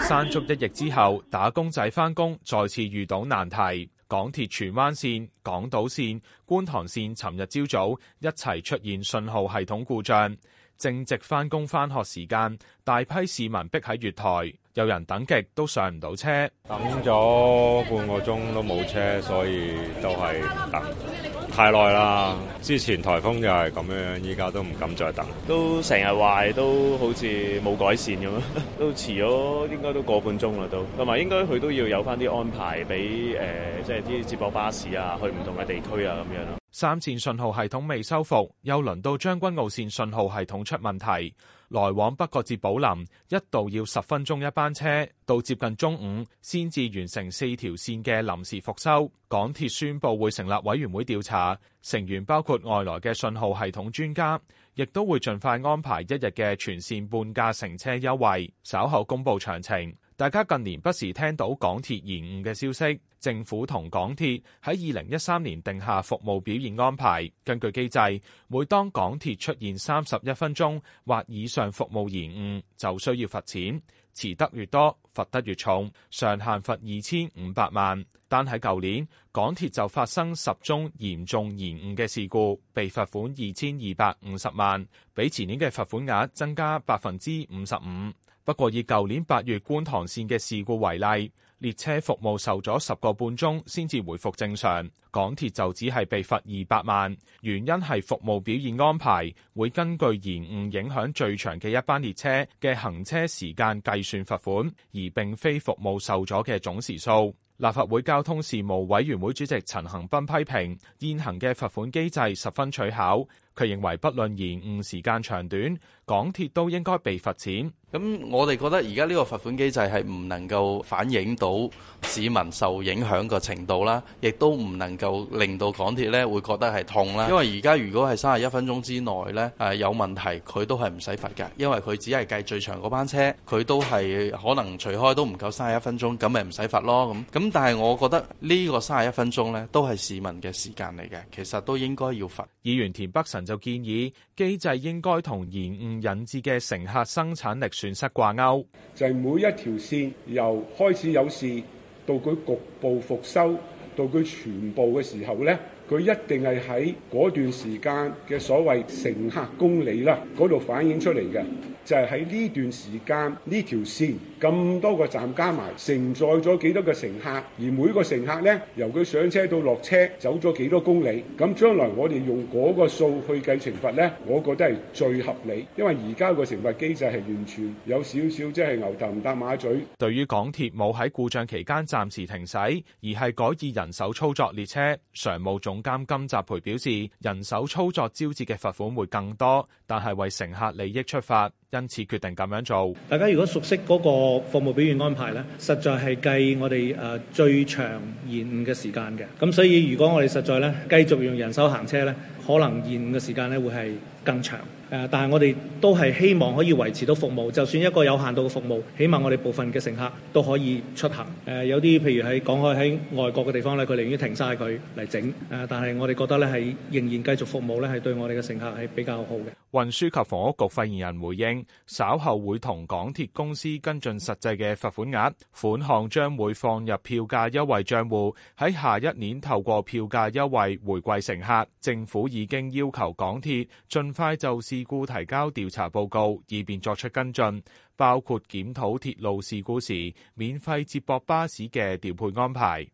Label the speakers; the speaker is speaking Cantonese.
Speaker 1: 山竹一役之後，打工仔返工再次遇到難題。港鐵荃灣線、港島線、觀塘線，尋日朝早一齊出現信號系統故障，正值返工返學時間，大批市民逼喺月台。有人等極都上唔到車，等咗半個鐘都冇車，所以都係等太耐啦。之
Speaker 2: 前颱風就係咁樣，依家都唔敢再等。都成日壞，都好似冇改善咁樣，都遲咗應該都個半鐘啦都。同埋應該佢都要有返啲安排
Speaker 1: 俾誒、呃，即係啲接駁巴士啊，去唔同嘅地區啊咁樣咯。三綫信號系統未修復，又輪到將軍澳綫信號系統出問題，來往北角至寶林一度要十分鐘一班車，到接近中午先至完成四條綫嘅臨時復修。港鐵宣布會成立委員會調查，成員包括外來嘅信號系統專家，亦都會盡快安排一日嘅全綫半價乘車優惠，稍後公布詳情。大家近年不時聽到港鐵延誤嘅消息，政府同港鐵喺二零一三年定下服務表現安排。根據機制，每當港鐵出現三十一分鐘或以上服務延誤，就需要罰錢，遲得越多罰得越重，上限罰二千五百萬。但喺舊年，港鐵就發生十宗嚴重延誤嘅事故，被罰款二千二百五十萬，比前年嘅罰款額增加百分之五十五。不過以舊年八月觀塘線嘅事故為例，列車服務受咗十個半鐘先至回復正常，港鐵就只係被罰二百萬，原因係服務表現安排會根據延誤影響最長嘅一班列車嘅行車時間計算罰款，而並非服務受阻嘅總時數。立法會交通事務委員會主席陳恒斌批評現行嘅罰款機制十分取巧。佢認為，不論延誤時間長短，港鐵都應該被罰錢。咁我哋覺得而家呢個罰款機制係唔能夠反映到市民受影響嘅程度啦，亦都唔能夠令到港鐵呢會覺得係痛啦。因為而家如果係三十一分鐘之內呢，誒有問題，佢都係唔使罰嘅，因為佢只係計最長
Speaker 2: 嗰班車，佢都係可能除開都唔夠三十一分鐘，咁咪唔使罰咯。咁咁但係
Speaker 1: 我覺得呢個三十一分鐘呢都係市民嘅時間嚟嘅，其實都應該要罰。議員田北辰。就建議機制應該同延誤引致嘅乘客生產力
Speaker 3: 損失掛鈎，就係每一條線由開始有事到佢局部復收到佢全部嘅時候咧。佢一定係喺嗰段時間嘅所謂乘客公里啦，度反映出嚟，嘅就係喺呢段時間呢條綫咁多個站加埋，承載咗幾多個乘客，而每個乘客咧由佢上車到落車走咗幾多公里。咁將來我哋用嗰個數去計懲罰咧，我覺得係最合理，因為而家個懲罰機制係完全有少少即係牛頭唔搭馬嘴。
Speaker 1: 對於港鐵冇喺故障期間暫時停駛，而係改以人手操作列車常務仲。監金澤培表示，人手操作招致嘅罰款會更多，但係為乘客利益出發。因此決定咁樣做。大家如果熟悉
Speaker 2: 嗰個服務表現安排咧，實在係計我哋誒最長延誤嘅時間嘅。咁所以如果我哋實在咧繼續用人手行車咧，可能延誤嘅時間咧會係更長。誒，但係我哋都係希望可以維持到服務，就算一個有限度嘅服務，起碼我哋部分嘅乘客都可以出行。誒，有啲譬如喺港海喺外國嘅地方咧，佢寧願停曬佢嚟整。誒，但係我哋覺得咧係仍然繼續服務
Speaker 1: 咧，係對我哋嘅乘客係比較好嘅。運輸及房屋局發言人回應。稍後會同港鐵公司跟進實際嘅罰款額，款項將會放入票價優惠賬戶，喺下一年透過票價優惠回饋乘客。政府已經要求港鐵盡快就事故提交調查報告，以便作出跟進，包括檢討鐵路事故時免費接駁巴士嘅調配安排。